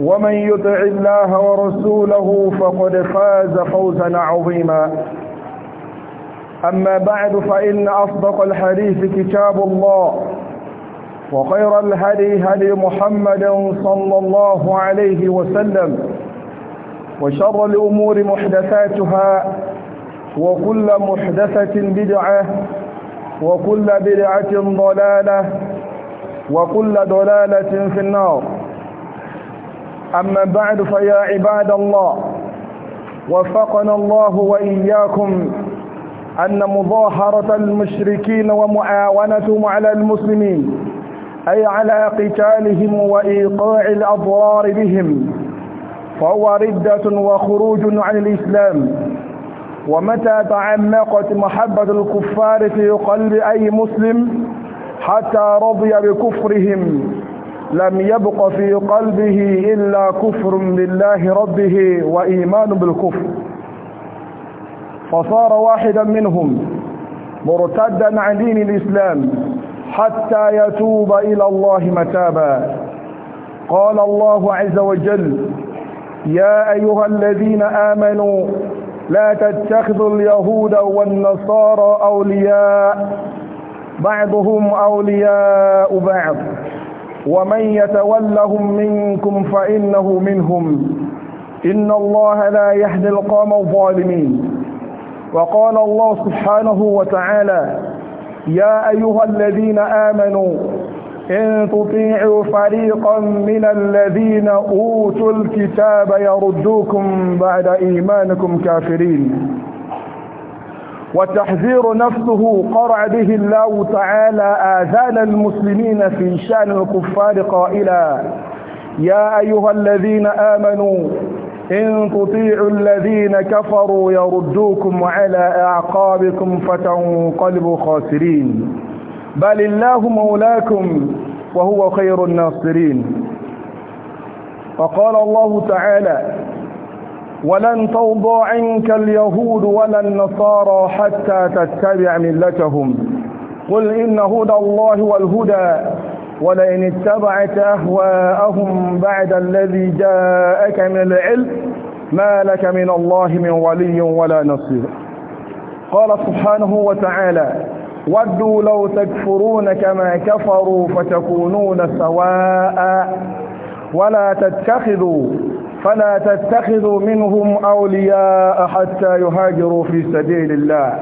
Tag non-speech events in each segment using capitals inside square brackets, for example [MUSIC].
ومن يطع الله ورسوله فقد فاز فوزا عظيما أما بعد فإن أصدق الحديث كتاب الله وخير الهدي هدي محمد صلى الله عليه وسلم وشر الأمور محدثاتها وكل محدثة بدعة وكل بدعة ضلالة وكل ضلالة في النار أما بعد فيا عباد الله وفقنا الله وإياكم أن مظاهرة المشركين ومعاونتهم على المسلمين أي على قتالهم وإيقاع الأضرار بهم فهو ردة وخروج عن الإسلام ومتى تعمقت محبة الكفار في قلب أي مسلم حتى رضي بكفرهم لم يبق في قلبه إلا كفر بالله ربه وإيمان بالكفر فصار واحدا منهم مرتدا عن دين الإسلام حتى يتوب إلى الله متابا قال الله عز وجل يا أيها الذين آمنوا لا تتخذوا اليهود والنصارى أولياء بعضهم أولياء بعض ومن يتولهم منكم فإنه منهم إن الله لا يهدي القوم الظالمين وقال الله سبحانه وتعالى يا أيها الذين آمنوا إن تطيعوا فريقا من الذين أوتوا الكتاب يردوكم بعد إيمانكم كافرين وتحذير نفسه قرع به الله تعالى آذان المسلمين في شأن الكفار قائلا يا أيها الذين آمنوا إن تطيعوا الذين كفروا يردوكم على أعقابكم فتنقلبوا خاسرين بل الله مولاكم وهو خير الناصرين وقال الله تعالى ولن ترضى عنك اليهود ولا النصارى حتى تتبع ملتهم قل إن هدى الله والهدى ولئن اتبعت أهواءهم بعد الذي جاءك من العلم ما لك من الله من ولي ولا نصير قال سبحانه وتعالى ودوا لو تكفرون كما كفروا فتكونون سواء ولا تتخذوا فلا تتخذوا منهم أولياء حتى يهاجروا في سبيل الله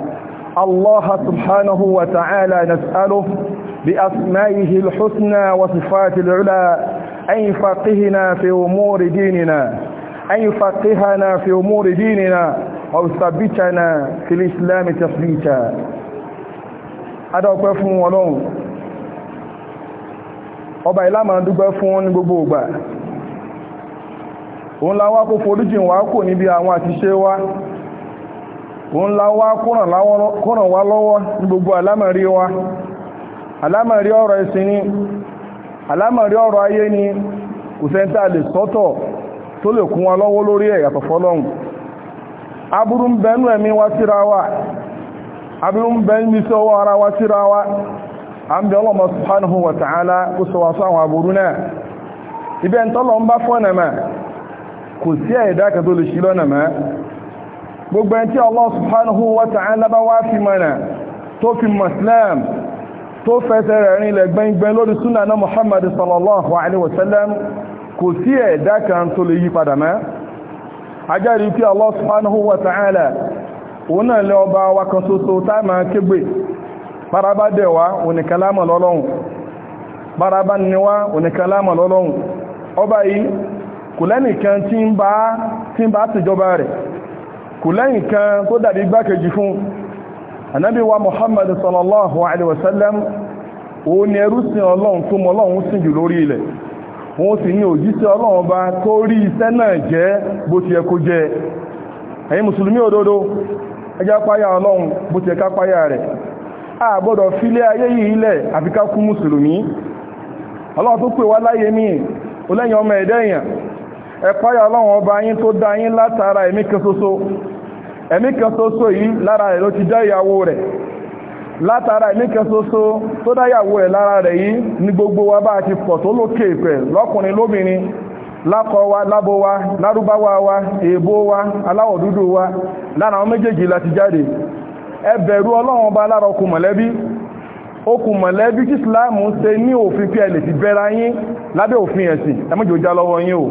الله سبحانه وتعالى نسأله بأسمائه الحسنى وصفات العلى أن يفقهنا في أمور ديننا أن يفقهنا في أمور ديننا ويثبتنا في الإسلام تثبيتا هذا هو ọlọ́run ọba ìlàmà dúgbẹ́ fún ní òun la wá kó foríjìn wá kò níbi àwọn àtiṣe wa òun la kóràn wá lọ́wọ́ ní gbogbo wa àlámọ̀rí ọ̀rọ̀ ẹ̀sìn ni ọ̀rọ̀ ayé ni kò sẹ́ńtà lè sọ́tọ̀ tó lè kún wa lọ́wọ́ lórí ẹ̀ yàtọ̀ aburú ń bẹnu ẹ̀mí wa síra wa aburú ń ara wa síra wa wa ta'ala kó sọ wa sọ àwọn aburú náà ibẹ̀ ń tọ́lọ kò sí ẹ̀dá kan tó lè ṣì lọ́nà mọ́ gbogbo ẹni tí Allah subhanahu wa ta'ala bá wá fi mọ̀nà tó fi muslim tó fẹsẹ̀ rẹ̀ rinlẹ̀ gbẹngbẹn lórí súnà náà Muhammad sallallahu alaihi wasallam kò sí ẹ̀dá kan tó lè yí padà mọ́ ajáre pé Allah subhanahu wa ta'ala òun náà lẹ ọba wa kan ṣoṣo tá máa kégbè baraba dẹ̀wá oníkàlámà lọ́lọ́hun baraba níwá oníkàlámà lọ́lọ́hun ọba yìí kò lẹ́nìkan tí ń bá tí ń bá tìjọba rẹ̀ kò lẹ́nìkan tó dàbí igbákejì fún anábí wa muhammad sallallahu alaihi wasallam ó ní ẹrú sin ọlọ́run tó mọ ọlọ́run sìn jù lórí ilẹ̀ wọ́n sì ní òjíṣẹ́ ọlọ́run bá tó rí iṣẹ́ náà jẹ́ bó ti yẹ kó jẹ́ ẹ̀yin mùsùlùmí òdodo ẹjá páyà ọlọ́run bó ti yẹ páyà rẹ̀ a gbọ́dọ̀ filé ayé yìí ilẹ̀ àfi ká mùsùlùmí ọlọ́run tó pè wá láyé míì ó lẹ́yìn ọmọ ẹ̀dẹ́ èèyàn ẹ̀páyà ọlọ́run ọba yín tó dá yín látara ẹ̀mí kan soso. ẹ̀mí kan yìí lára rẹ̀ ló ti dá ìyàwó rẹ̀ látara ẹ̀mí kan tó dá ìyàwó rẹ̀ lára rẹ̀ yìí ní gbogbo wa bá ti pọ̀ tó lókè ìpẹ̀ lọ́kùnrin lóbìnrin wa wa lárúbáwá wa èèbó wa aláwọ̀ dúdú wa lára àwọn méjèèjì láti jáde ọba lára mọ̀lẹ́bí okùn mọ̀lẹ́bí tí Islam ní òfin ti bẹ́ra yín o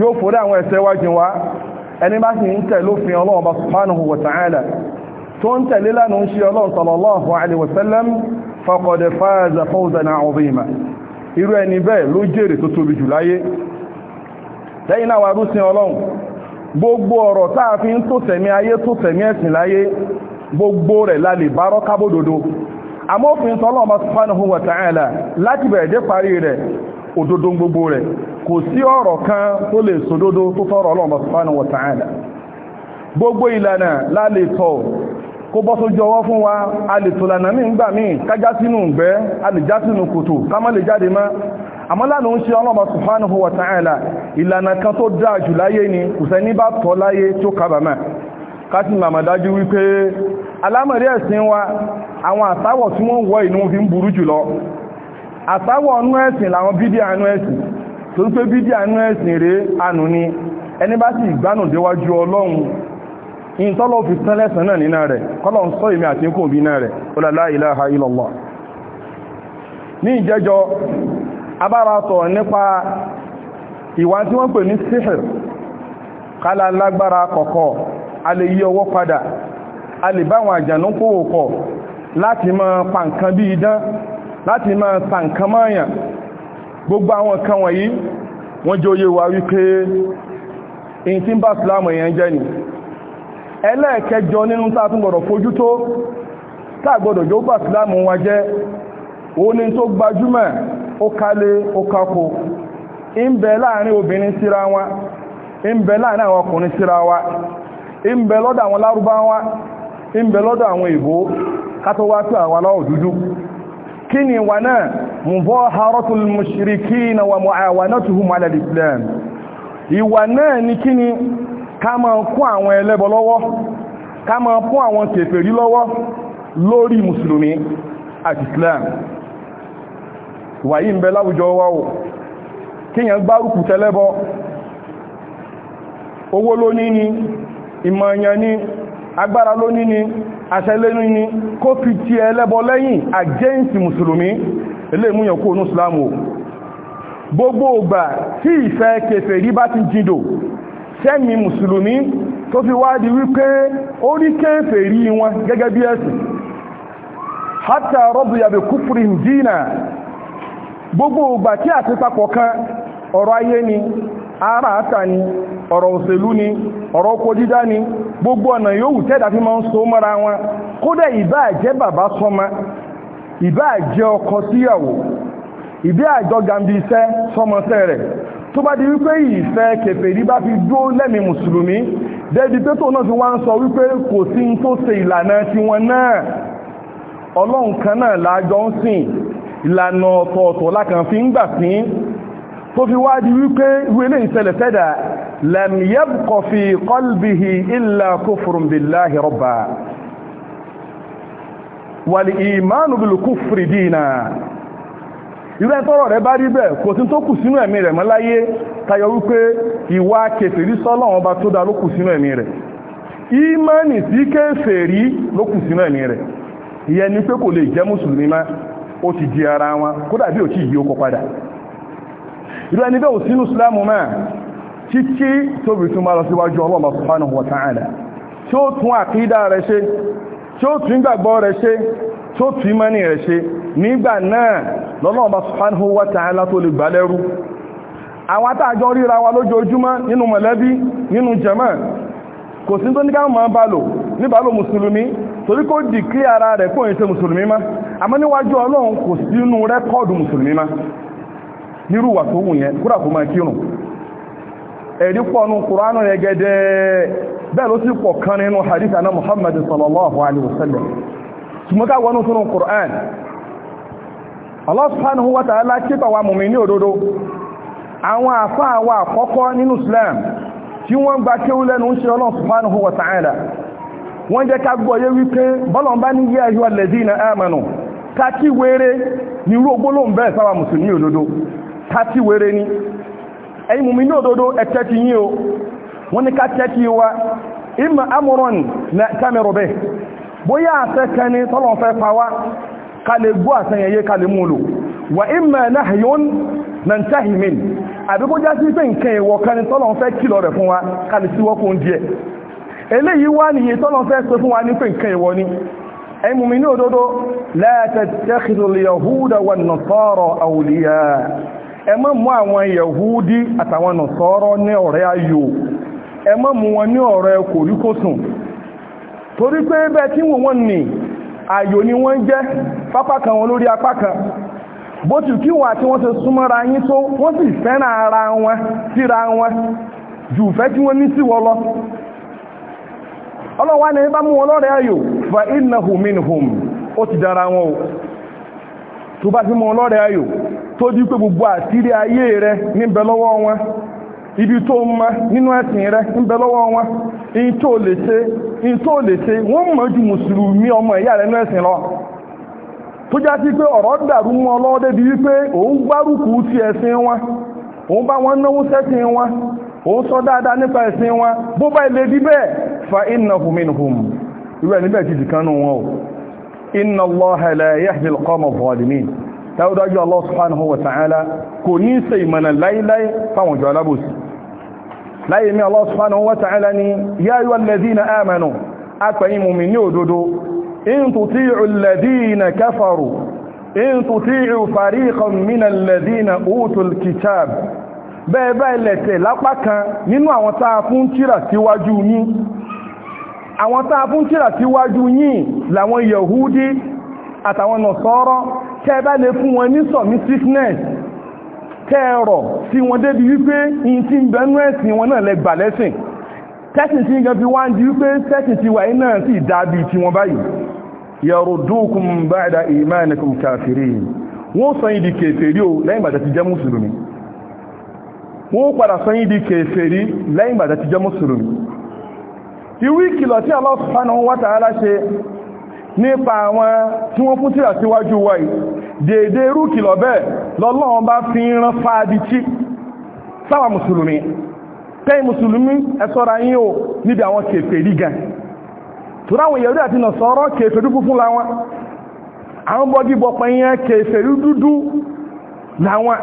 yóò forí àwọn ẹ̀ṣẹ̀ wa jìn wá ẹni bá sì ń tẹ̀lé òfin ọlọ́run bá subhanahu wa ta'ala tó ń tẹ̀lé lánàá ń ṣe ọlọ́run sallallahu alaihi wasallam faqad faza fawzan 'azima irú ẹni bẹ́ẹ̀ ló jèrè tó tóbi jù láyé lẹ́yìn náà wà rúsìn ọlọ́run gbogbo ọ̀rọ̀ táà fi ń tó tẹ̀mí ayé tó tẹ̀mí gbogbo rẹ̀ la bárọ́ kábòdodo àmófin tọ́lọ́run òdodo gbogbo rẹ̀ kò sí ọ̀rọ̀ kan tó lè sòdodo tó tọ́rọ ọlọ́run subhanahu wa gbogbo ìlànà lálẹ́ le kó bọ́ sójú fún wa a lè tò lànà mí ngbà mí kájá sínú ìgbẹ́ a lè já sínú kòtò ká lè jáde má àmọ́ lánàá ń ṣe ọlọ́run kan tó dáa jù láyé ni kò bá tọ́ láyé tó ká sì dájú wípé wa àwọn àtàwọ̀ tí wọ́n wọ fi àsáwọ̀ ọ̀nú ẹ̀sìn làwọn bídí àánú ẹ̀sìn tó ń pé bídí àánú ẹ̀sìn rèé ànú ni ẹni bá sì gbánù déwájú ọlọ́run ìntọ́lọ́ fi tán lẹ́sàn ilaha illallah ní ìjẹjọ abára sọ nípa ìwà tí wọ́n pè ní sihir kálá lágbára kọ̀kọ̀ a lè yí ọwọ́ padà àjànú kówòkọ̀ láti mọ́ pàǹkan bí idán láti máa ta nǹkan máyàn gbogbo àwọn nǹkan wọ̀nyí wọ́n jẹ́ oyé wa wípé in tí ń bá ìsìlámù èèyàn jẹ́ ni ẹlẹ́ẹ̀kẹjọ nínú tààtún gbọ́dọ̀ fojú tó tààgbọ́dọ̀ yóò bá ìsìlámù wa jẹ́ òun ni tó gbajúmọ̀ ó kálé ó kákó ń láàrin obìnrin síra wa ń láàrin àwọn ọkùnrin síra wa ń lọ́dọ̀ àwọn lárúbáwá ń bẹ lọ́dọ̀ àwọn ìbò kátó wá sí àwa láwọ̀ dúdú Kini, ni wà mushrikina wa muawanatuhum ala al-islam ìwà náà ni kí ni ká máa kún àwọn ẹlẹ́bọ lọ́wọ́ ká máa kún àwọn kèfèrí lọ́wọ́ lórí mùsùlùmí àti islam wàyí ń bẹ láwùjọ wa o kíyàn gbárùkù tẹlẹ́bọ Owo lóní ni ìmọ̀ọ̀yàn ni agbára lóní ni àṣẹlẹ́nu ni kó fi ti ẹlẹ́bọ lẹ́yìn àjẹ́ǹsì mùsùlùmí ilé mú yẹn kó ní islamu gbogbo ògbà tí ìfẹ́ kèfèrí bá ti jìndò sẹ́mi mùsùlùmí tó fi wá di wípé ó ní kèfèrí wọn gẹ́gẹ́ bí ẹ̀sìn hátà rọ́bù yàbẹ̀ kúfùrì gbogbo ògbà tí àti kan ọ̀rọ̀ ayé ni ara àta ni ọ̀rọ̀ òṣèlú ni ọ̀rọ̀ oko dídá ni gbogbo ọ̀nà yòówù tẹ́dà fi máa ń so mọ́ra wọn kódà ìbá jẹ́ bàbá sọ́mọ ìbá jẹ́ ọkọ síyàwó ìbí àjọ gambi iṣẹ́ sọmọṣẹ́ rẹ̀ tó bá di wípé ìfẹ́ kèfèrí bá fi dó lẹ́mìí mùsùlùmí débi pé tóun náà fi wá sọ wípé kò sí ń tó ṣe ìlànà tiwọn náà ọlọ́run kan náà lájọ ń sìn ìlànà ọ̀tọ̀ọ̀tọ̀ lákàn fi ń gbà sín tó fi wá di wípé wílé ìṣẹ̀lẹ̀ fẹ́dà lam yabqa fi qalbihi illa kufrun billahi rabba wal imanu bil kufri dina ìrẹ́ tọ́rọ̀ rẹ̀ bá rí bẹ́ẹ̀ kò sí tó kù sínú ẹ̀mí rẹ̀ mọ́láyé tayọ wípé ìwà kèfèrí sọ́lọ́wọ́n bá tó dá kù sínú ẹ̀mí rẹ̀ ìmánì sí kèfèrí ló kù sínú ẹ̀mí rẹ̀ ìyẹn ni pé kò lè jẹ́ mùsùlùmí má ó ti di ara wọn kódà bí ò tí ì yí padà irú ẹni bẹ́ẹ̀ ò sínú islamu mẹ́ títí tóbi tún bá lọ síwájú Allah subhanahu wa ta'ala tí ó tún àkídà rẹ̀ ṣe tí ó tún gbàgbọ́ rẹ̀ ṣe tí ó tún mẹ́ni rẹ̀ ṣe nígbà náà lọ́lọ́ọ̀bá subhanahu wa ta'ala tó lè gbàlẹ́rú àwọn àtàjọ ríra wa lójoojúmọ́ nínú mọ̀lẹ́bí nínú jàmá kò sí tó ní ká máa bá lò níbàálò mùsùlùmí torí kó dìkí ara rẹ̀ kó ìṣe mùsùlùmí má àmọ́ níwájú ọlọ́run kò sínú rẹ́kọ́ọ̀dù mùsùlùmí má nírú wà tó wù yẹn kúrà kó máa kírun ẹ̀rí pọ̀nù kùránù rẹ̀ gẹ́gẹ́ bẹ́ẹ̀ ló sì pọ̀ kan nínú hadith aná Muhammad sallallahu alaihi wasallam ṣùgbọ́n wọnú sínú kùrán Allah subhanahu wa ta'ala kípa wa mùmí ní òdodo àwọn àfáà wa àkọ́kọ́ nínú Islam tí wọ́n gba kéwú lẹ́nu ń ṣe jẹ́ ká gbọ́yé wípé bọ́lọ̀mbá ní yẹ́ ayọ́ lẹ́dí na amanu ká kí wéré ní irú ogbólóhùn sáwà mùsùlùmí òdodo tàti wèrè ni ẹ̀yin mùmí ní òdodo ẹ̀tẹ́ ti yí o wọ́n ní ká tẹ́tí wa ìmọ̀ amúrán na kẹ́mẹ̀rọ̀ bẹ́ bóyá àṣẹ kẹni tọ́lọ̀ fẹ́ pa wá ká lè gbọ́ àṣẹyẹyẹ ká lè múlò wà ìmọ̀ náhìyún na tẹ́hìmín àbíkójá sí pé nǹkan ìwọ̀ kẹni tọ́lọ̀ fẹ́ kìlọ̀ rẹ̀ fún wa ká lè síwọ́kún díẹ̀ eléyìí wá nìyí tọ́lọ̀ fẹ́ sọ fún wa ní pé nǹkan ìwọ̀ ni ẹ̀mùmí ní òdodo la tattakhidul yahuda wan nasara awliya ẹ má àwọn yahudi àtàwọn nọ̀sọ́rọ́ ní ọ̀rẹ́ ayò ẹ má wọn ní ọ̀rẹ́ kòríkòsùn torí pé bẹ́ẹ̀ tí wọ́n ní ayò ni wọ́n jẹ́ pápá kan wọn lórí apá kan bó ti kí wọ́n àti wọ́n ṣe súnmọ́ra yín tó wọ́n sì fẹ́ràn ara wọn síra wọn jù fẹ́ tí wọ́n ní sí wọ́n lọ ọlọ́wọ́ ni bá mú wọn lọ́rẹ́ ayò fa innahu minhum ó ti dára wọn o tó bá ti mọ ọlọ́rẹ̀ ayò tó di pé gbogbo àtírí ayé rẹ ibi tó ń ma nínú ẹ̀sìn rẹ níbẹ̀ lọ́wọ́ wọn in tó lè ṣe in tó lè ṣe wọ́n mọ̀ ju mùsùlùmí ọmọ ìyá rẹ nínú ẹ̀sìn lọ tó já sí pé ọ̀rọ̀ dàrú mọ́ ọlọ́dẹ́ di wípé òun gbárùkù ti ẹ̀sìn wọn òun bá wọn náwó sẹ́sìn wọn fa irú ẹ̀ níbẹ̀ nù wọn inna allaha la yahdi alqawma adh-dhalimin dáwọ́dájú allah subhanahu wa ta'ala kò ní ṣe ìmọ̀nà láíláí fáwọn ìjọ alábòsí láyé mi allah subhanahu wa ta'ala ni ya ayyuhal ladhina amanu apẹ̀yìn mùmí ní òdodo in tuti'u alladhina kafaru in tuti'u fariqan min alladhina utul kitab bẹ́ẹ̀ bẹ́ẹ̀ lẹ̀tẹ̀ lápá kan nínú àwọn táa fún tíra síwájú àwọn tá a fún tírà síwájú yìí làwọn yahudi àtàwọn nọ̀sọ́rọ́ tẹ́ bá lè fún wọn ní submissiveness kẹ́ẹ̀rọ̀ tí wọ́n débi wípé in ti ń bẹ̀nú ẹ̀sìn wọn náà lẹ gbà lẹ́sìn tẹ́sìn tí gan fi wá ń di wípé tẹ́sìn ti wà iná sí ìdábí tí wọ́n báyìí wọ́n padà sọ di kèfèrí lẹ́yìn ti jẹ́ mùsùlùmí ìwé ìkìlọ̀ tí Allah subhanahu wa ta'ala ṣe nípa àwọn tí wọ́n fún tírà síwájú wa yìí dèédé irú ìkìlọ̀ bẹ́ẹ̀ lọ́lọ́run bá fi ń rán fàájítí sáwà mùsùlùmí tẹ́yìn mùsùlùmí ẹ ṣọ́ra yín o níbi àwọn kèfèrí gan tùráwọn yẹ̀rí àti nàṣọ́rọ́ kèfèrí fúnfún láwọn àwọn bọ́gíbọ̀pẹ̀ yẹn kèfèrí dúdú láwọn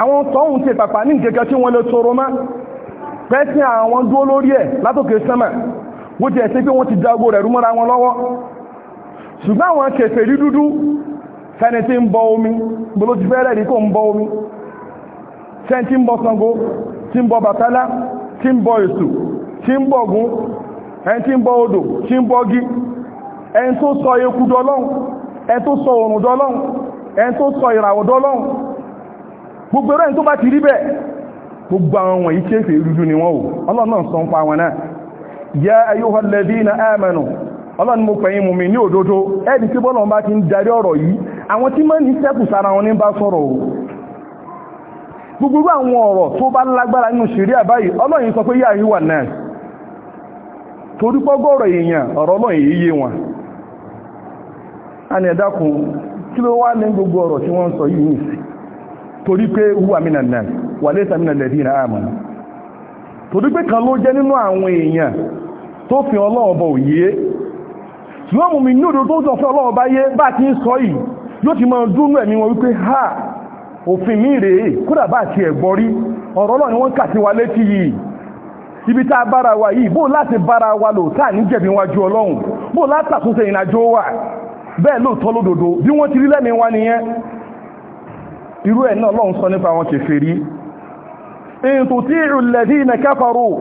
àwọn tọ́hùn ti pàpà ní gẹ́gẹ́ tí wọ́n lè tọrọ máa pẹ́sìn àwọn dúó lórí ẹ̀ látòkè sẹ́mà wó ti ẹ̀sẹ́ pé wọ́n ti dágbò rẹ̀ rúmọ́ra wọn lọ́wọ́ ṣùgbọ́n àwọn kèfèrí dúdú fẹ́ni tí ń bọ omi bolo ti fẹ́ rẹ̀rí kò ń bọ omi ṣẹ́ tí ń bọ Ṣàngó tí ń bọ bàtálá tí ń bọ Èṣù tí ń bọ Ògún ẹni tí ń bọ odò tí ń bọ gí ẹni tó sọ eku dọlọ́n ẹni tó sọ òrùn dọlọ́n ẹni tó sọ ìràwọ̀ dọlọ́n gbogbo ẹni tó bá ti rí bẹ́ẹ̀ gbogbo àwọn wọ̀nyí kéfèé rújú ni wọ́n wò ọlọ́run sọ ń pa wọn náà ya ayyuhal ladina na ọlọ́run mo pẹ̀yìn mú mi ní òdodo ẹni tí bọ́lọ̀ bá ti ń darí ọ̀rọ̀ yìí àwọn tí mọ́ ní sẹ́kù sára wọn ní o gbogbo àwọn ọ̀rọ̀ tó bá torí wà lẹ́sà nínú ẹ̀lẹ́dì ìrìn àmà torí pé kan ló jẹ́ nínú àwọn èèyàn tó fi ọlọ́ọ̀bọ òye ṣùgbọ́n mú mi ní òdòdó tó fẹ́ ọlọ́ọ̀bá yé bá ti ń sọ yìí yóò ti máa dúnú ẹ̀mí wọn wípé ha òfin mi rèé kódà ni wọ́n kà sí wa létí yìí ibi tá a bára wa yìí bó láti bára wa lò tá à ní jẹ̀bi wájú bí wọ́n ti rí lẹ́mìí wa nìyẹn irú ẹ̀ náà lọ́run sọ nípa àwọn kèfèrí in tuti'u alladhina kafaru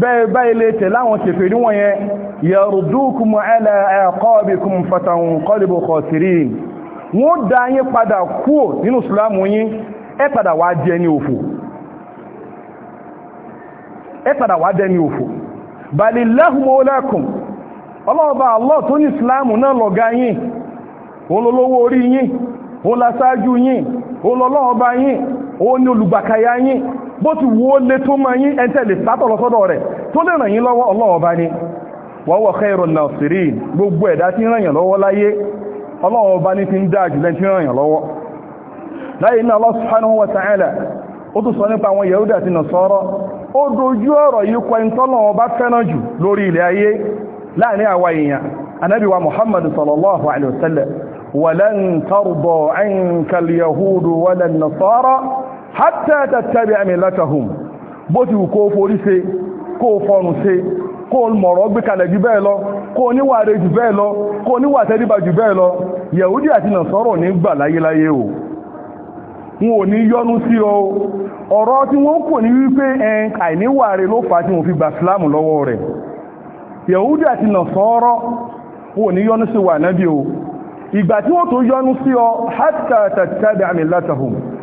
bẹ́ẹ̀ báyìí lè tẹ̀ láwọn kèfèrí wọn yẹn yardukum ala aqabikum fatanqalibu khasirin wọ́n dá yín padà kúò nínú ìsìlámù yín ẹ padà wá jẹ́ ní òfò ẹ padà wá jẹ́ ní òfò balillahu mawlakum ọlọ́ọ̀bá bó ti wo lé tó máa yín ẹ̀ntẹ́ lè sátọ̀ lọ́sọ́dọ̀ rẹ̀ tó lè ràn yín lọ́wọ́ Ọlọ́hun Ọba ni wa huwa khairun nasirin gbogbo ẹ̀dá tí ràn yàn lọ́wọ́ láyé Ọlọ́hun Ọba ni ti ń dáa jùlẹ tí ràn yàn lọ́wọ́ láyé iná Allah subhanahu wa ta'ala ó tún sọ nípa àwọn Yahuda àti Nasara ó dojú ọ̀rọ̀ yìí kọ hatta tattabi amilatahum bó ti wù kó forí ṣe kó fọrùn ṣe kó mọ̀rọ̀ gbé kalẹ̀ jù bẹ́ẹ̀ lọ kó níwà rẹ̀ jù bẹ́ẹ̀ lọ kó níwà tẹ́ríba jù bẹ́ẹ̀ lọ yẹ̀húdí àti nàṣọ́rọ̀ ní gbà láyéláyé o wọn ò ní yọnu sí ọ ọ̀rọ̀ tí wọ́n kò ní wípé ẹn àìníwà rẹ̀ ló fà á tí wọ́n fi gbà sílámù lọ́wọ́ rẹ̀ yẹ̀húdí àti nàṣọ́rọ̀ wọn ò ní yọnu sí wà nábì o ìgbà tí wọ́n tó yọnu sí ọ hatta tattabi amilatahum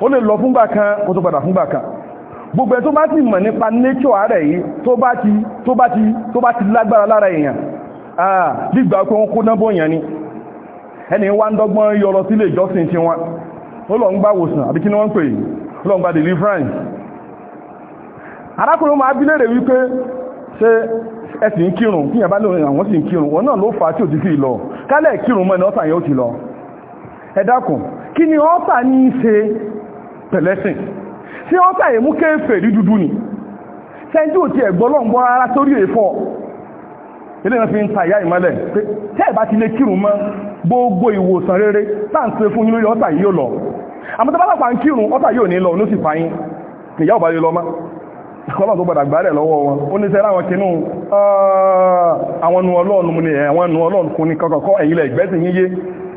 ó lè lọ fúngbà kan kó tó padà fúngbà kan gbogbo ẹ̀ tó bá ti mọ̀ nípa nature ààrẹ yìí tó bá ti lágbára lára èèyàn àà gbígbà kó èèyàn ni ẹni wá ń dọ́gbọ́n yọrọ sílé ìjọsìn tí wọ́n ó lọ ń gbá wòsàn àbí kí ni wọ́n ń pè gba arákùnrin wípé ṣe kírun kí àwọn kírun wọn náà pẹ̀lẹ́sìn tí wọ́n tàyè mú kéèfè rí dúdú ni sẹ́ńtì ò ti ẹ̀gbọ́ lọ́ngbọ́ rárá sórí èfọ́ ilé ìrìnfẹ́ ń ta ìyá ìmọ́lẹ̀ tẹ́ ìbá ti lè kírun mọ́ gbogbo ìwòsàn rere táǹtì fún yín lórí ọ̀tà yìí yóò lọ àmọ́ tó bá lápá ń kírun ọ̀tà yóò ní lọ ní ó sì fàyín ìyá ò bá lè lọ mọ́ ọlọ́run tó gbọ́dà gbárẹ̀ lọ́wọ́ wọn ó ní sẹ́rá àwọn kìnnú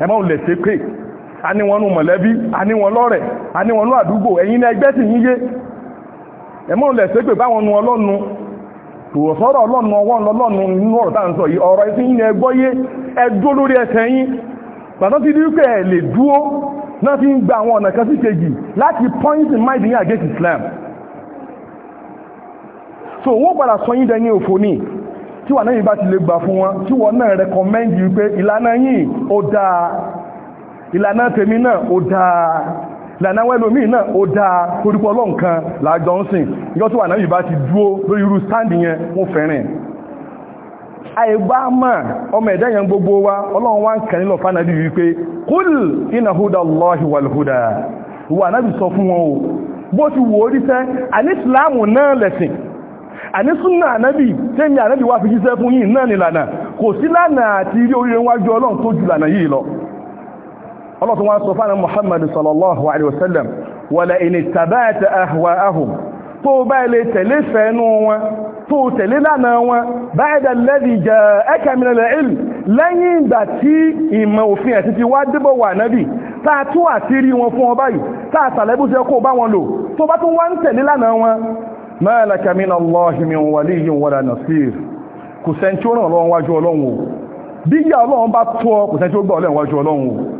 àwọn a mọ̀lẹ́bí a lọ́rẹ̀ a àdúgbò ẹ̀yin ẹgbẹ́ sì yíyé ẹ̀mọ́ lẹ̀ ṣe báwọn nu ọlọ́nu tòwọ̀sọ́rọ̀ ọlọ́nu ọwọ́ ọlọ́nu inú ọ̀rọ̀ so wọ́n padà sọ yín dẹni òfò ní tí wà náà yìí bá ti lè gbà fún wọn tí wọ́n náà recommend yìí pé ìlànà yìí ó dáa ìlànà tèmi náà ó dáa ìlànà àwọn náà ó dáa torípọ̀ kan ń sìn tó wà náà yìí bá ti dúó lórí irú sáǹdì yẹn wọ́n àìbá àìbámà ọmọ ẹ̀dá yẹn gbogbo wa ọlọ́run wá ń kẹ́ nílọ kúl iná húdà lọ́hì wàlúhúdà wà náà sọ fún wọn o bó ti wò sẹ́ náà lẹ̀sìn ànábì wá fi yìí náà nìlànà kò sí lánàá ọlọ́tún wọn sọ fánà muhammadu sallallahu alaihi wasallam wàlá ìní tàbáyàtà àhùwà ahùn tó bá ilé tẹ̀lé fẹ́ẹ̀nú wọn tó tẹ̀lé lánàá wọn báyìdà lẹ́dì jẹ́ ẹ́kàmìnà ìlú lẹ́yìn ìgbà tí ìmọ̀ òfin ẹ̀ títí wá débọ̀ wà nábì táa tú àtírí wọn fún ọ báyìí táa sàlẹ́bù jẹ́ kó bá wọn lò tó bá tún wá ń tẹ̀lé lánàá wọn mẹ́ẹ̀lẹ́kàmìnà lọ́ọ̀hìmí wàlí yìí wọ́n kò sẹ́ni tí ó ràn lọ́wọ́ wájú ọlọ́run o bí yà ọlọ́run bá tọ́ kò sẹ́ni tí ó gbà ọlọ́run wájú ọlọ́run o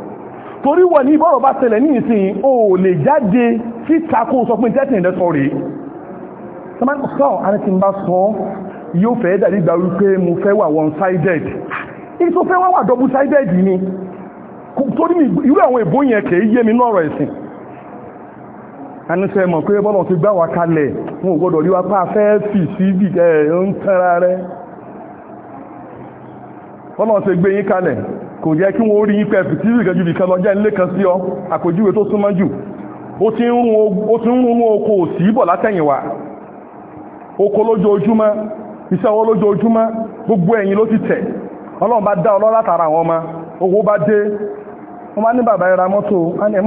torí wọ̀ ní ìbọ̀rọ̀ bá ṣẹlẹ̀ ní ìsìn o lè jáde sí takó sọ pé tẹ́tì ìdẹ́sọ rèé sọ àti tí ń bá sọ yóò fẹ́ dàbí gbà wípé mo fẹ́ wà one sided ìsọ fẹ́ wà wà sided ni torí mi irú àwọn ìbò yẹn kèé yé mi nọ́rọ̀ ẹ̀sìn aníṣẹ́ mọ̀ pé bọ́lọ̀ ti gbá wa kalẹ̀ wọn ò gbọ́dọ̀ rí wa pa fẹ́ fì sí ibi ẹ̀ ń tẹ́ra rẹ̀ bọ́lọ̀ ti gbé yín kalẹ̀ kò jẹ́ kí wọ́n rí yín pẹ̀fì tí ìrìnkẹ́ jù nìkan lọ́jẹ́ ilé kan sí ọ àpèjúwe tó súnmọ́ jù ó ti ń rún oko òsì bọ̀ látẹ̀yìnwá oko lójoojúmọ́ iṣẹ́ ọwọ́ lójoojúmọ́ gbogbo ẹ̀yìn ló ti tẹ̀ ọlọ́run bá dá ọlọ́ látara àwọn ọmọ owó bá dé wọ́n bá ní bàbá ẹra mọ́tò á ní ah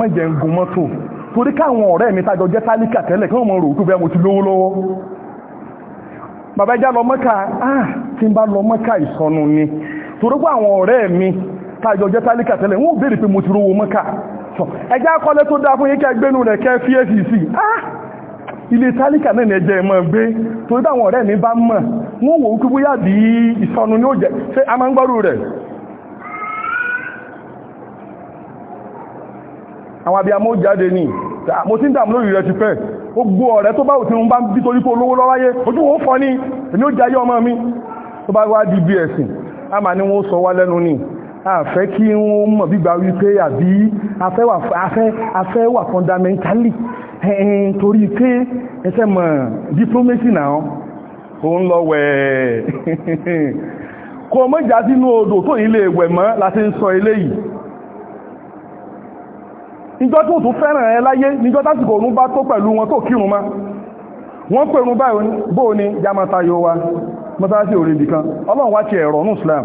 tí ń bá lọ mọ́kà ìsọnù ni àwọn ọ̀rẹ́ mi táàjọ jẹ́ tálíkà tẹ́lẹ̀ wọ́n bèèrè pé mo ti rówó mọ́ká ẹjá kọ́lé tó dá fún yíkẹ́ gbénú rẹ̀ kẹ́ fi fcc ah! ilé tálíkà náà ní ẹjẹ́ ẹ̀mọ́ gbé torí táwọn ọ̀rẹ́ mi bá mọ̀ wọ́n wò ó kí bóyá bí ìsọnù ní ó jẹ́ a máa ń gbọ́rù rẹ̀ àwọn abiyamọ jáde ní mo ti ń dààmú lórí rẹ̀ ti fẹ́ gbogbo ọ̀rẹ́ tó bá òtí bá bí torí pé olówó lọ́ráyé ojú wọn fọ́ ní èmi ó jayé ọmọ mi tó bá wá di bí ẹ̀sìn a máa ní wọ́n sọ wá lẹ́nu ní àfẹ́ kí wọ́n mọ̀ gbígba wípé àbí afẹ́ wà fundamentally ẹ̀ẹ́n torí pé ẹsẹ́ mọ̀ diplomacy náà ń lọ wẹ̀ [LAUGHS] kò mọ́ ìjà sínú odò tó ilé ìwẹ̀ mọ́ láti ń sọ eléyìí ìjọ tó wọn tó kírun má ni yamata yóò wá kan ọlọ́run wá ti Islam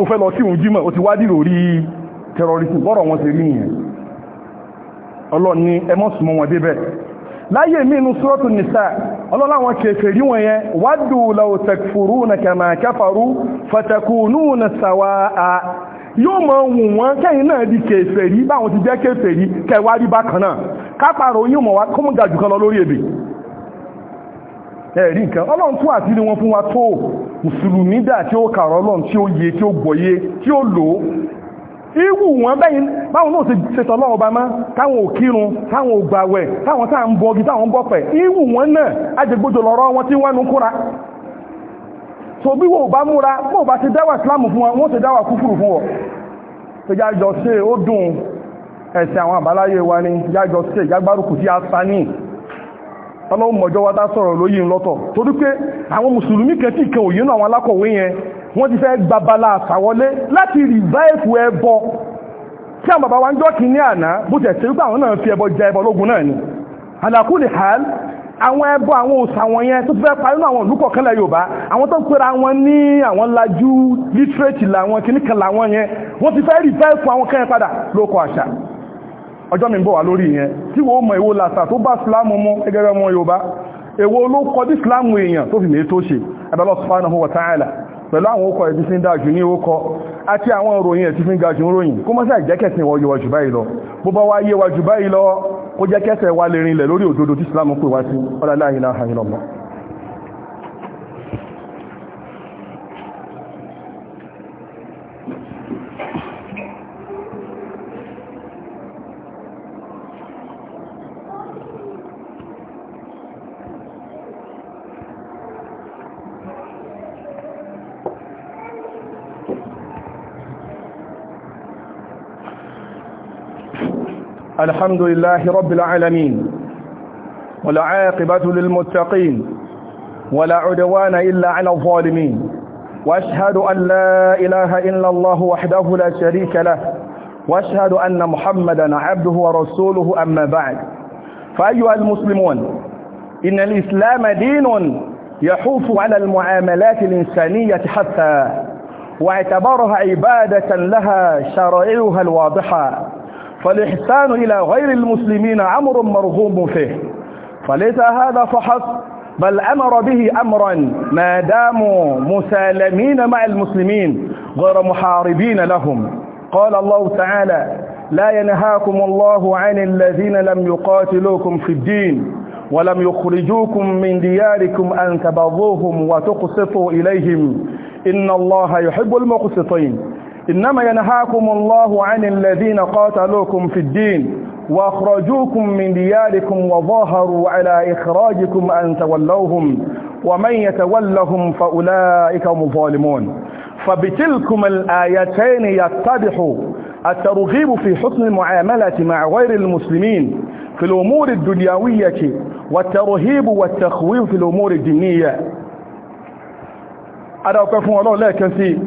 ó fẹ́ lọ sí òun jímọ̀ ó ti wá dìrò rí tẹrọrìsì bọ́rọ̀ wọn ti rí nìyẹn ọlọ́run ní ẹ má súnmọ́ wọn débẹ̀ láyé mínú sọ́tù nìsá ọlọ́láwọn kèfèrí wọn yẹn wádù law takfuruna kama kafaru fatakununa sawaa yóò mọ̀ wù wọ́n kẹ́yìn náà di kèfèrí báwọn ti jẹ́ kèfèrí kẹwàá rí bákan náà kápàrọ̀ yóò mọ̀ wá kọ́mọ̀gàjù kan lọ lórí èbè ẹ̀rí nǹkan ọlọ́run tún àṣírí wọn fún wa tó mùsùlùmí dà tí ó kàrọ ọlọ́run tí ó yẹ tí ó gbọ́yé tí ó lò ìwù wọn bẹ́yìn báwọn náà ṣe tọ́lọ́ ọba má káwọn òkírun káwọn ògbàwẹ̀ táwọn táà ń táwọn ń so bí wọ́n bá múra wọ́n bá ti dáwà wọn wọ́n ti dáwà kúfùrù fún wọn tó jájọ ṣe ó dùn ẹ̀sìn àwọn ọlọ́run mọ̀jọ́ wa tá sọ̀rọ̀ lóyìn lọ́tọ̀ torí pé àwọn mùsùlùmí kẹtì kan òye náà àwọn alákọ̀wé yẹn wọ́n ti fẹ́ gbabala àsàwọlé láti rìváìfù ẹbọ tí àwọn bàbá wa ń jọ́ kìíní àná bó tẹ̀ ṣe wípé àwọn náà fi ẹbọ jẹ ẹbọ lógun náà ni àlàkùnì hàl àwọn ẹbọ àwọn òòṣà wọn yẹn tó fẹ́ parí àwọn ìlú kọ̀ọ̀kan lẹ̀ Yorùbá àwọn tó ń pera wọn ní àwọn lajú lítírèètì làwọn kìíní kan làwọn yẹn wọ́n ti fẹ́ rìváìfù àwọn kẹ́yìn padà lóko àṣà ọjọ́ mi ń bọ̀ wá lórí ìyẹn tí wọ́n mọ̀ èwo làṣà tó bá sílámù mú gẹ́gẹ́ mọ́ Yorùbá èwo ló kọ dí sílámù èèyàn tó fi mèé tó ṣe abẹ́lọ́ subhanahu wa ta'ala pẹ̀lú àwọn orúkọ ẹ̀ tí fi ń dájú ní orúkọ àti àwọn ìròyìn ẹ̀ tí fi ń gajú ròyìn kó mọ́sá ìjẹ́kẹ̀sìn wọ yíwa jù báyìí lọ bó bá wá yé wa jù báyìí lọ kó jẹ́kẹ̀sẹ̀ wa lè rinlẹ̀ lórí الحمد لله رب العالمين والعاقبة للمتقين ولا عدوان إلا على الظالمين وأشهد أن لا إله إلا الله وحده لا شريك له وأشهد أن محمدا عبده ورسوله أما بعد فأيها المسلمون إن الإسلام دين يحوف على المعاملات الإنسانية حتى واعتبرها عبادة لها شرائعها الواضحة فالإحسان إلى غير المسلمين أمر مرغوب فيه فليس هذا فحص بل أمر به أمرا ما داموا مسالمين مع المسلمين غير محاربين لهم قال الله تعالى لا ينهاكم الله عن الذين لم يقاتلوكم في الدين ولم يخرجوكم من دياركم أن تبغوهم وتقسطوا إليهم إن الله يحب المقسطين إنما ينهاكم الله عن الذين قاتلوكم في الدين واخرجوكم من دياركم وظاهروا على إخراجكم أن تولوهم ومن يتولهم فأولئك هم الظالمون فبتلكم الآيتين يتضح الترغيب في حسن المعاملة مع غير المسلمين في الأمور الدنيوية والترهيب والتخويف في الأمور الدينية أنا فون الله لا كنسي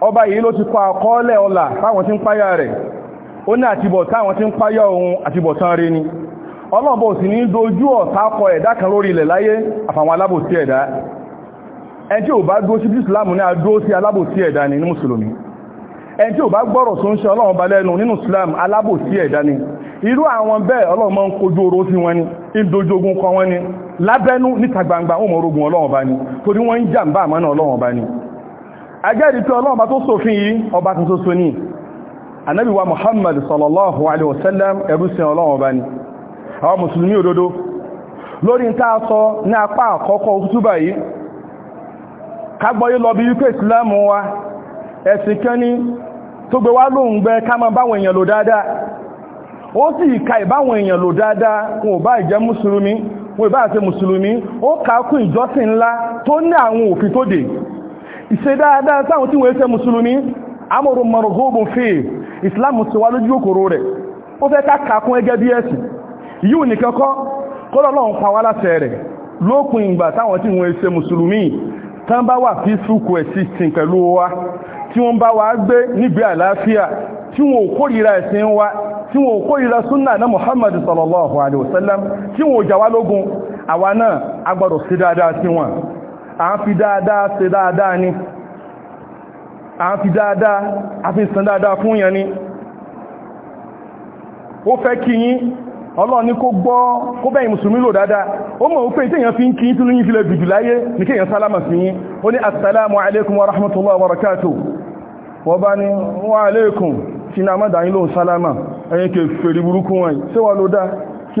ọba yìí ló ti kọ àkọọ́lẹ̀ ọlà táwọn tí ń páyà rẹ̀ ó ní àtibọ̀ táwọn tí ń páyà ohun àtibọ̀tán rí ni ọlọ́bọ̀ sì ní dojú ọ̀tá kọ ẹ̀dá kan lórí ilẹ̀ láyé àfàwọn alábòsí ẹ̀dá ẹn ni ní mùsùlùmí ẹn tí ò bá gbọ́rọ̀ tó ń ṣe ni irú àwọn bẹ́ẹ̀ ọlọ́run máa ń kojú oró sí wọn ni ń dojú ogun kọ wọn ni lábẹ́nú níta gbangba wọn mọ̀ orogun ọlọ́run ba ni torí wọ́n ń jàǹbá àmọ́nà ọlọ́run ba ni ajẹ́rìí pé ọlọ́run bá tó sòfin yìí ọba tó tó ní ànábì wa muhammad sallallahu alaihi wasallam ẹrúsìn ọlọ́run bá ní àwọn mùsùlùmí òdodo lórí ta sọ ní apá àkọ́kọ́ òtútúbà yìí kagbọ́yí lọ bí wípé ìsìlámù wa ẹ̀sìn kan ní tó gbé wá lóhùn gbẹ ká máa báwọn èèyàn lò dáadáa ó sì ka ìbáwọn èèyàn lò dáadáa wọn ò bá ìjẹ́ ìṣe dáadáa sáwọn tí wọ́n ṣe mùsùlùmí amòrò mọ̀rọ̀gógún fèè Islamu ti wá lójú òkòrò rẹ̀ ó fẹ́ káàkún ẹgẹ́ bí ẹ̀sìn yíò nìkan kọ́ kọ́lọ̀lọ́run pa wá láṣẹ rẹ̀ lópin tí wọ́n ṣe mùsùlùmí peaceful coexisting pẹ̀lú wa tí wọ́n bá wà gbé nígbé àlàáfíà tí wọ́n ò wa tí wọ́n ò súnnà náà Muhammad sallallahu alaihi wasallam tí wọ́n ò jà wá lógun àwa náà agbọ́dọ̀ sí dáadáa sí wọn à ń fi dáadáa dáadáa ni à fi dáadáa a fi san dáadáa fún yẹn ni ó fẹ́ kí ko ọlọ́ni kó gbọ́ kó bẹ́yìn mùsùlùmí lò dáadáa ó mọ̀ wípé ìtẹ́yàn fi ń kí tí lóyìn filẹ̀ dùdù láyé ní kí èyàn sálámà sí yí ó ní assalamu wa rahmatullahi wa barakatuh wọ́n bá ní wa alaikum na mọ́dá yí lóhun sálámà ẹ̀yìn kèfèrí burúkú wọn yìí tí wọ́n dá kí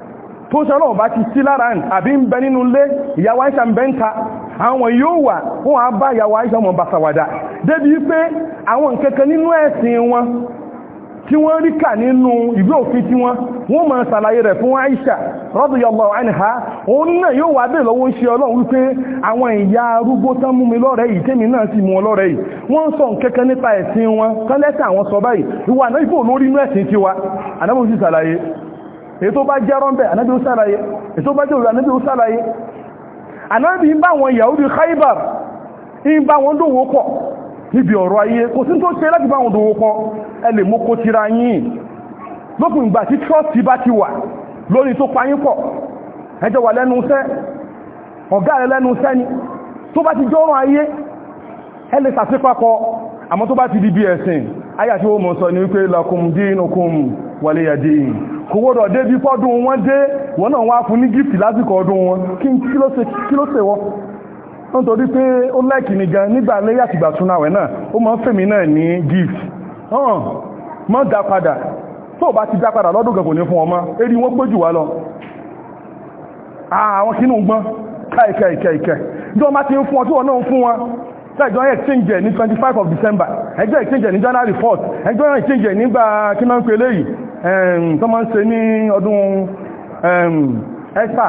tó sọ́rọ̀ bá ti sí lára àbí ń bẹ nínú ilé ìyàwó àìsà ń bẹ ń ta àwọn yóò wà wọ́n á bá ìyàwó àìsà wọn bá sàwàdà débi pé àwọn nkẹ́kẹ́ nínú ẹ̀sìn wọn tí wọ́n rí kà nínú ìwé òfin tí wọ́n wọ́n máa ṣàlàyé rẹ̀ fún Aisha radiyallahu anha òun náà yóò wà bẹ́ẹ̀ lọ́wọ́ ṣe ọlọ́run wípé àwọn ìyá arúgbó tán mú mi lọ́rẹ̀ yìí tẹ́mi náà sì mú ọlọ́rẹ̀ yìí wọ́n sọ kẹ́kẹ́ nípa ẹ̀sìn wọn kán àwọn sọ báyìí ìwà náà ìbò lórí inú ẹ̀sìn tiwa anábòsí ṣàlàyé èyí tó bá jẹ́ rọ́mbẹ̀ anábí ó sàlàyé èyí tó bá jẹ́ òrò anábí ó sàlàyé anábí ń bá wọn Yahudi Khaybar ń bá wọn dòwò pọ̀ níbi ọ̀rọ̀ ayé kò sí tó ṣe láti bá wọn dòwò pọ̀ ẹ lè mú kó tira yín lópin ìgbà tí trust bá ti wà lórí tó pa pọ̀ ẹjọ́ wà lẹ́nu iṣẹ́ ọ̀gá rẹ lẹ́nu iṣẹ́ ni tó bá ti jọ́rùn ayé ẹ lè àmọ́ tó bá ti di bí ẹ̀sìn ayé àti ó mọ̀ sọ ní wípé lakum dinukum waliya din kò wọ́dọ̀ dé bí fọ́dún wọn dé wọn náà wá fún ní gift lásìkò ọdún wọn kí ló ṣe wọ́n nítorí pé ó láìkì ni gan nígbà lẹ́yìn àtìgbà túnú àwẹ̀ náà ó máa ń fèmí náà ní gift hàn mọ́ dá padà tó o bá ti dá padà lọ́dún gan kò ní fún ọmọ eré wọn gbójú wa lọ àwọn kínú gbọ́n káìkẹ́ìkẹ́ìkẹ́ ìjọba ti ń fún ọ tí wọ́n náà ń fún wọn ẹjọ́ yẹn exchange ní 25 of December ẹjọ́ exchange ní January 4th ẹjọ́ exchange nígbà kí náà ń pè léyìí tó máa ń ṣe ní ọdún ẹ́sà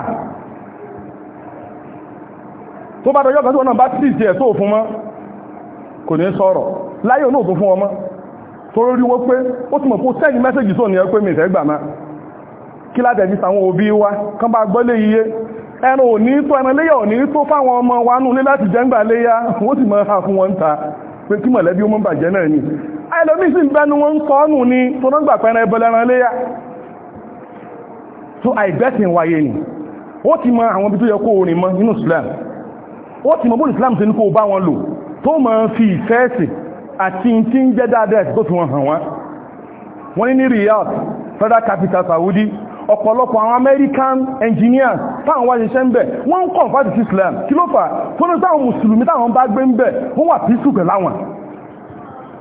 tó bá dọjọ́ kan tí náà bá tí ìjẹ́ tó fún mọ́ kò ní sọ̀rọ̀ láyé olóòfún fún ọmọ tó rí wọ́n pé ó túnmọ̀ kó sẹ́yìn mẹ́sẹ̀jì tó ní ẹ pé mẹ́sẹ̀ gbà máa kí látẹ̀bí sàwọn òbí wa kán bá gbọ́lé iye ò ní tó ẹran léyà ha fún wọn ta pé kí mọ̀lẹ́bí ó mọ́ bàjẹ́ náà ni ẹlòmí sì ń bẹnu wọn ń sọ ọ́nù ni tó náà gbà pẹ́ran ẹbọ lẹ́ran léyà tó àìgbẹ́sìn wáyé ni ó ti mọ àwọn ibi tó yẹ kó orin mọ nínú Islam ó ti mọ bó Islam ṣe ní kó bá wọn lò tó mọ fi ìfẹ́ ẹ̀sìn àti tí ń jẹ́ dáadáa tó fi wọn hàn wọ́n wọ́n American engineers táwọn wá ṣiṣẹ́ ń bẹ̀ wọ́n ń kọ̀ fásitì Islam kí ló fà fónú táwọn mùsùlùmí táwọn bá gbé ń bẹ̀ wọ́n wà písù pẹ̀láwọn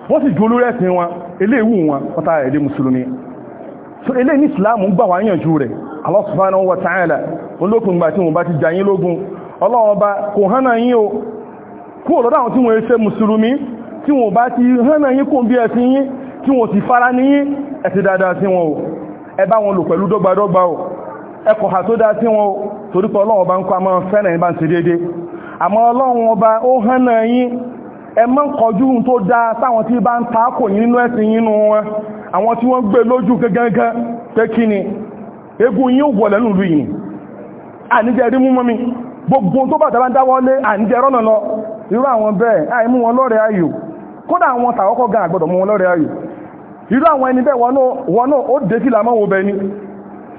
wọ́n sì ju olórí ẹ̀sìn wọn eléèwù wọn pátá ẹ̀dẹ́ mùsùlùmí so eléè ní ìsìláàmù gbà wá yànjú rẹ̀ Allah subhanahu wa ta'ala olókun gbà tí wọ́n bá ti jà yín lógun ọlọ́wọ́n bá kò hánà yín o kú ọ̀lọ́dọ̀ àwọn tí wọ́n ṣe mùsùlùmí tí wọ́n bá ti hánà yín kò bí ẹ̀sìn yín tí wọ́n ti fara ní yín ẹ ẹ má kọjú ohun tó dáa sáwọn tí bá ń takò nínú ẹ̀sìn nínú wọn àwọn tí wọ́n gbé lójú gangan pé kí ni egun yín wọ̀ lẹ́nu ìlú yìí àníjẹ́ rí mú mọ́ mi gbogbo tó bàtà bá ń dáwọ́lé àníjẹ́ rọ́nà lọ irú àwọn bẹ́ẹ̀ àìmú wọn lọ́rẹ̀ ayò kódà àwọn tàwọ́kọ́ gan àgbọ̀dọ̀ mú wọn lọ́rẹ̀ ayò irú àwọn ẹni bẹ́ẹ̀ wọn náà ó dé fìlà mọ́ wo bẹ ni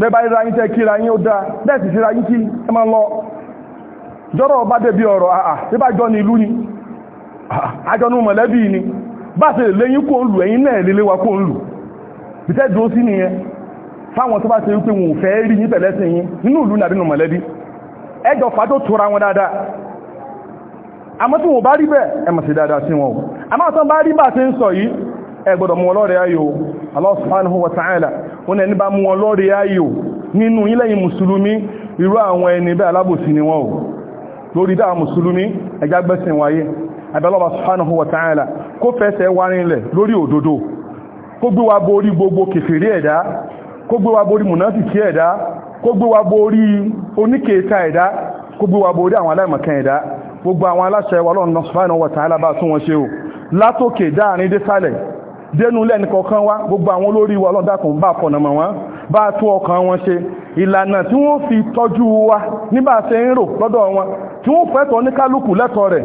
bẹ́ẹ̀ bá ríra yín tẹ́ kíra yín ọ̀rọ̀ àà tí bá jọ ní ìlú ni àjọnú mọ̀lẹ́bí ni bá ṣe lẹ́yìn kó ń lù ẹ̀yìn náà lélé wa kó ń lù pìtẹ́ dúró sí nìyẹn fáwọn tó bá ṣe wípé wọn ò fẹ́ rí yín pẹ̀lẹ́sìn yín nínú ìlú nàbínú mọ̀lẹ́bí ẹjọ fà tó tura wọn dáadáa àmọ́ tí wọ́n bá rí bẹ́ẹ̀ ẹ máa ṣe dáadáa sí wọn o àmọ́ àtọ́ bá rí bá ṣe ń sọ yìí ẹ gbọ́dọ̀ mú ọlọ́rẹ̀ ayò Allah subhanahu wa ta'ala lórí dáa mùsùlùmí ẹjá gbẹ́sìn wáyé àbẹ́lọ́wà subhanahu wa ta'ala kó fẹ́sẹ̀ wá rinlẹ̀ lórí òdodo kó gbé wa borí gbogbo kèfèrí ẹ̀dá kó gbé wa borí mùnáfìkí ẹ̀dá kó gbé wa borí oníkèéta ẹ̀dá kó gbé wa borí àwọn aláìmọ̀kan ẹ̀dá gbogbo àwọn aláṣẹ wa lọ́nà subhanahu wa ta'ala bá tún wọn ṣe o látòkè dáàrin désàlẹ̀ dénú lẹ́ni kọ̀ọ̀kan wá gbogbo àwọn olórí wa ọlọ́dàkùn bá tí wọ́n fi tọ́jú wa nígbà tí wọ́n fẹ́tọ̀ ní kálukú lẹ́tọ̀ rẹ̀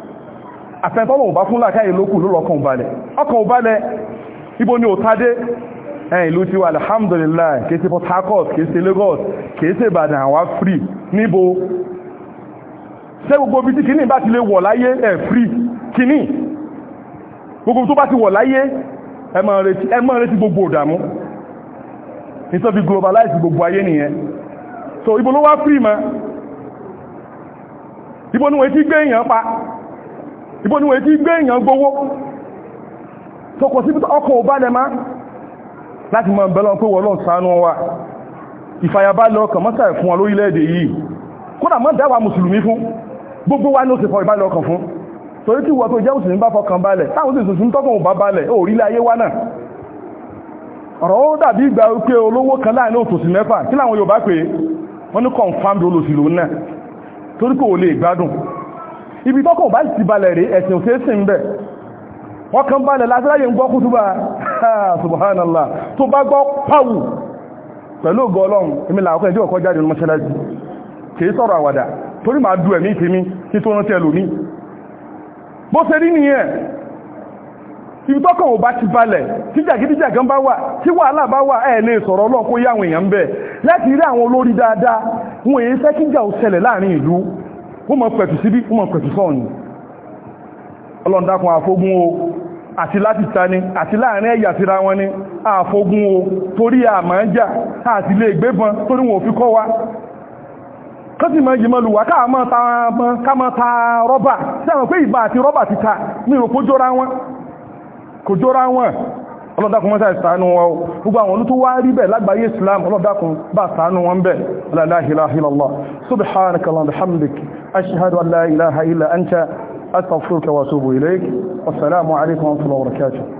àfẹ́tọ́lọ̀ ò bá fún làkáyè lókù ló rọkàn balẹ̀ ọkàn ò balẹ̀ ibo ni ò tádé ẹ̀yìn ìlú tiwa alhamdulillah kìí ṣe Port Harcourt kìí ṣe Lagos kìí ṣe Ìbàdàn àwa free níbo ṣé gbogbo bí tí kìíní bá ti lè wọ̀ láyé ẹ̀ free kìíní gbogbo tó bá ti wọ̀ láyé ẹ máa retí ẹ máa retí gbogbo ìdàmú nítorí globalize gbogbo ayé nìyẹn so ibo ló wá free ma ibo ni wọ́n ti gbé èèyàn pa ìbò ni wọ́n ti gbé èèyàn gbówó tó kò sí ọkọ̀ ò bá lẹ má láti mọ̀ bẹ́lọ́n pé wọ́n lọ ṣàánú wa ìfàyàbálẹ̀ ọkàn mọ́sàrẹ̀ fún wọn lórílẹ̀-èdè yìí kódà mọ́ dáwà mùsùlùmí fún gbogbo wa ní ó sì fọ ìbálẹ̀ ọkàn fún torí tí wọ́n tó jẹ́ mùsùlùmí bá fọkàn balẹ̀ táwọn sì tuntun tọ́kàn ò bá balẹ̀ ó rí láyé wá náà ọ̀rọ̀ ó dàbí ìgbà pé olówó kan láàrin òtòsí mẹ́fà kí láwọn Yorùbá pé wọ́n ní confam lólòsì lòun náà torí kò lè gbádùn ibi tọ́kọ̀ bá ti balẹ̀ rí ẹ̀sìn òfin sí ń bẹ̀ wọ́n kan balẹ̀ lásìláyé ń gbọ́ kútúbà subhanallah tó bá gbọ́ pàwù pẹ̀lú ògọ́ ọlọ́run èmi làwọn ẹjọ́ ọkọ̀ jáde mọ́ṣáláṣí kìí sọ̀rọ̀ àwàdà torí máa du ẹ̀mí tèmi kí tó rántí ẹlòmí bó ṣe rí nìyẹn ibi tọ́kọ̀ ò bá ti balẹ̀ tí jàgídíjàgan bá wà tí wàhálà bá wà ẹ̀ lè sọ̀rọ̀ ọlọ́run kó yá fẹ́ kíjà ò ṣẹlẹ̀ láàrin ìlú wọ́n mọ̀ pẹ̀tù síbí wọ́n mọ̀ pẹ̀tù sọ́ọ̀ ni ọlọ́ndakùn àfógún o àti láti tani àti láàrin ẹ̀yà síra wọn ni àfógún o torí àmàájà àti lè gbébọn torí wọn ò fi kọ́ wa kọ́sìmọ̀ yìí mọ́ lùwà káàmọ́ ta káàmọ́ ta rọ́bà sẹ́wọ̀n pé ìbá àti rọ́bà ti ta ọlọ́dákun mọ́sá ìsànú wọn o gbogbo àwọn olú tó wá rí bẹ̀ lágbàáyé islam ọlọ́dákun bá sànú wọn bẹ̀ la ilaha illallah subhanaka wa bihamdik ashhadu an la ilaha illa anta astaghfiruka wa